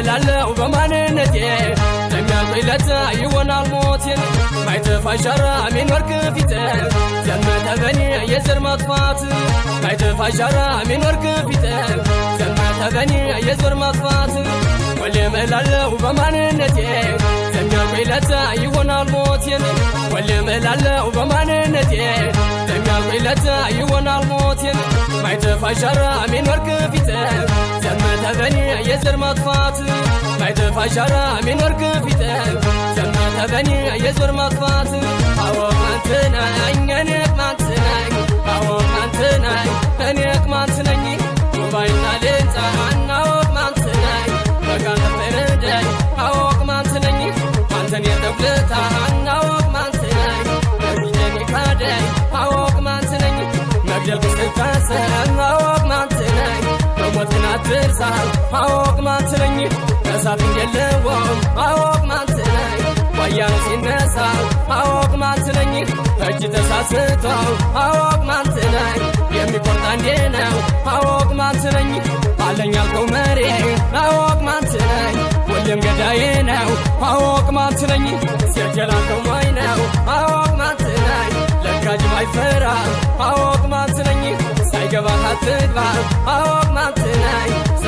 እላለሁ በማንነቴ ተሚያቅለታ ይሆናል ሞቴን ማይተፋ ሻራ ሚኖርክ ፊት ዘመተ በኔ የዘር ማጥፋት ማይተፋ ሻራ ሚኖርክ ፊት ዘመተ በኔ የዘር ማጥፋት ሁሌም እላለሁ በማንነቴ ተሚያቅለታ ይሆናል ሞቴን ሁሌም እላለሁ በማንነቴ ተሚያቅለታ ይሆናል ሞቴን ማይተፋ ሻራ ሚኖርክ ፊት ዘመ የዘር ማጥፋት ማይተፋ ሻራ ሚኖር ግፊጠን ዘማተ የዘር ማጥፋት አዎ እኔ አዎ እኔ ሞባይልና አዎ አንተን አዎ መግደል በሞትና ትርሳል ተሳፊ የለውም አወቅ ማን ስለኝ ሲነሳ አወቅ ማን እጅ ተሳስቶ አወቅ ማን ስለኝ የሚቆርጣ እንዴ ነው አወቅ ማን ስለኝ መሬ አወቅ ማን ስለኝ ገዳዬ ነው አወቅ ማን ስለኝ ሲያጀላከው ማይ ነው አወቅ ማን ለጋጅ ለካጅ ማይፈራ አወቅ ማን ሳይገባ አትግባ አወቅ ማን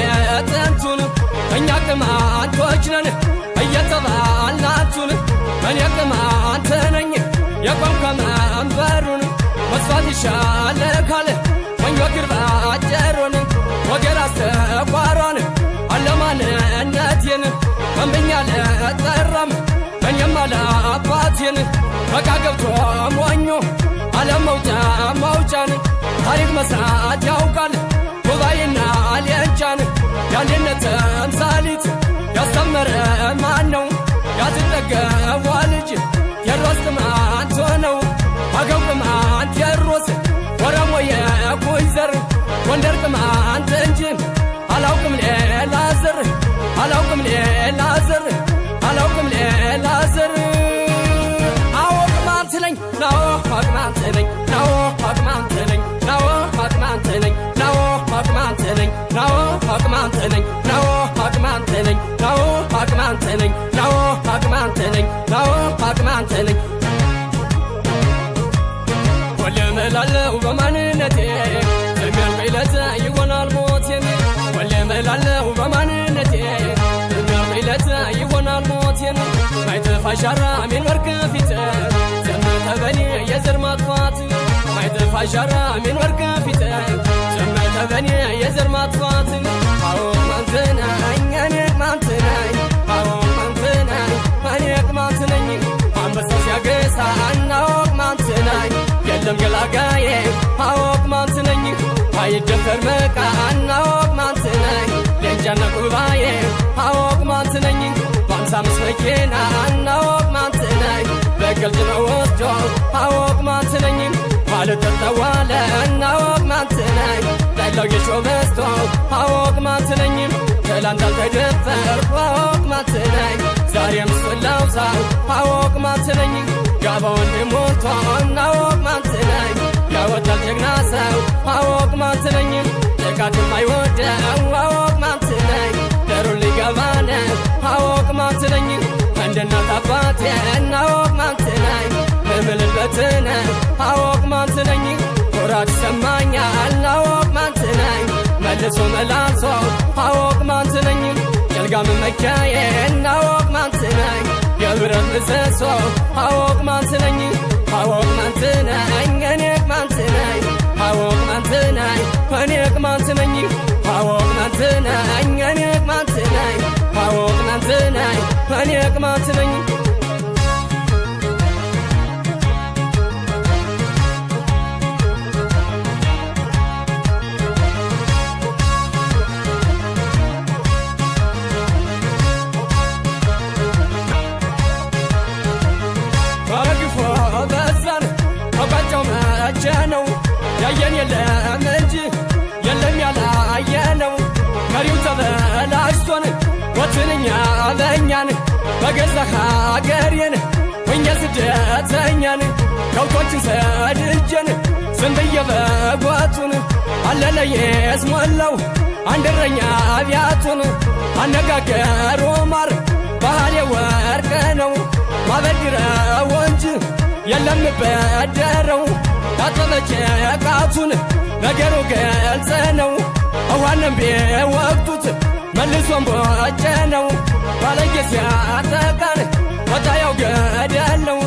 የጥንቱን እኛ ቅማንቶች ነን እየተባልናቱን እኔ ቅማንት ነኝ የቋንቋ መንበሩን መስፋት ይሻለ ካለ ወንጆ ግርባ ወገራ አስተቋሯን አለማንነቴን ከንብኛ ለጠራም እኔም በቃ ገብቶ ሞኞ አለመውጫ መውጫን ታሪክ መሳ ያገቧ ልጅ የሮስ ቅማንት ሆነው አገው ቅማንት የሮስ ወረሞ የኩኝ ዘር ጎንደር ቅማንት እንጂ አላውቅም ሌላ ዘር አላውቅም ሌላ ዘር አላውቅም ሌላ ዘር አዎ ቅማንት ነኝ ናዎ ቅማንት ነኝ ናዎ ቅማንት ነኝ ናዎ ቅማንት ነኝ ናዎ ቅማንት ነኝ ናዎ ቅማንት ነኝ ናዎ ቅማንት ነኝ ናዎ ታወን ፓቅማ አንተነኝ ወለም እላለሁ በማንነቴ እሚያልቅ ዕለት ይሆናል ሞቴም ወለም እላለሁ በማንነቴ እሚያልቅ ዕለት ይሆናል ሞቴም ማይጠፋ ሻራ ሚን ወርቅ ፊት ዘመተ በኔ የዘር ማጥፋት ማይጠፋ ሻራ ሚን ወርቅ ፊት ዘመተ በኔ የዘር ማጥፋት ገላጋዬ አወቅ ማንት ነኝ አይደፈር መቃን አወቅ ማንት ነኝ ደጃና ቁባዬ አወቅ ማንት ነኝ በአምሳ አምስት መኪና አወቅ ማንት ነኝ በግልድ ነው ወስዶ አወቅ ማንት ነኝ ባለጠጠዋለ አወቅ ማንት ነኝ ዳይላው የሾ በዝቶ አወቅ ማንት ነኝ ትላንት አልተደፈርኩ አወቅ ማንት ነኝ ዛሬም ስላውሳ አወቅ ማንት ነኝ ጋቦን ድሞቷ ናወቅ ማትለኝ ያወዳል ጀግና ሰው አወቅ ማትለኝም ደካድም አይወደው አወቅ ማትለኝ ደሩ ሊገባ ነው አወቅ ማትለኝ እምልበት ነው አወቅ ማትለኝ ኩራት ይሰማኛል አወቅ ማትለኝ መልሶ መላሶ አወቅ ማትለኝም ደሰሶ ሀወቅ ማንትነኝ ሀወቅ ማንትነኝ እኔቅ ማንትነኝ ሀወቅ ማንትነኝ እኔቅ ማንትነኝ ሀወቅ ማንትነኝ እኔቅ ማንትነኝ ሀወቅ ማንትነኝ እኔቅ ማንትነኝ በገዛ ሀገሬን እኛ ስደተኛን ከብቶችን ሰድጀን ስንትዬ በጎቱን አለለ የስሞላው አንድ እረኛ አብያቱን አነጋገሩ ማር ባህሌ ወርቅ ነው ማበድረው እንጂ የለም ታጠበች ቃቱን ነገሩ ገልጽ ነው እዋንም ቢወቅቱት መልሶም ቦጨ ነው ባለጌ ሲያጠቃን ወጣ ያው ገደል ነው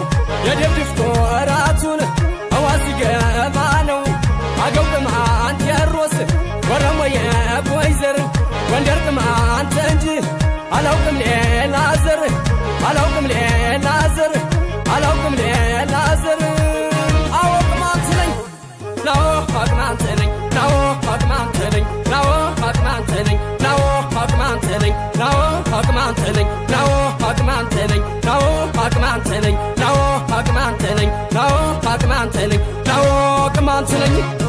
የደብድፍቶ telling you.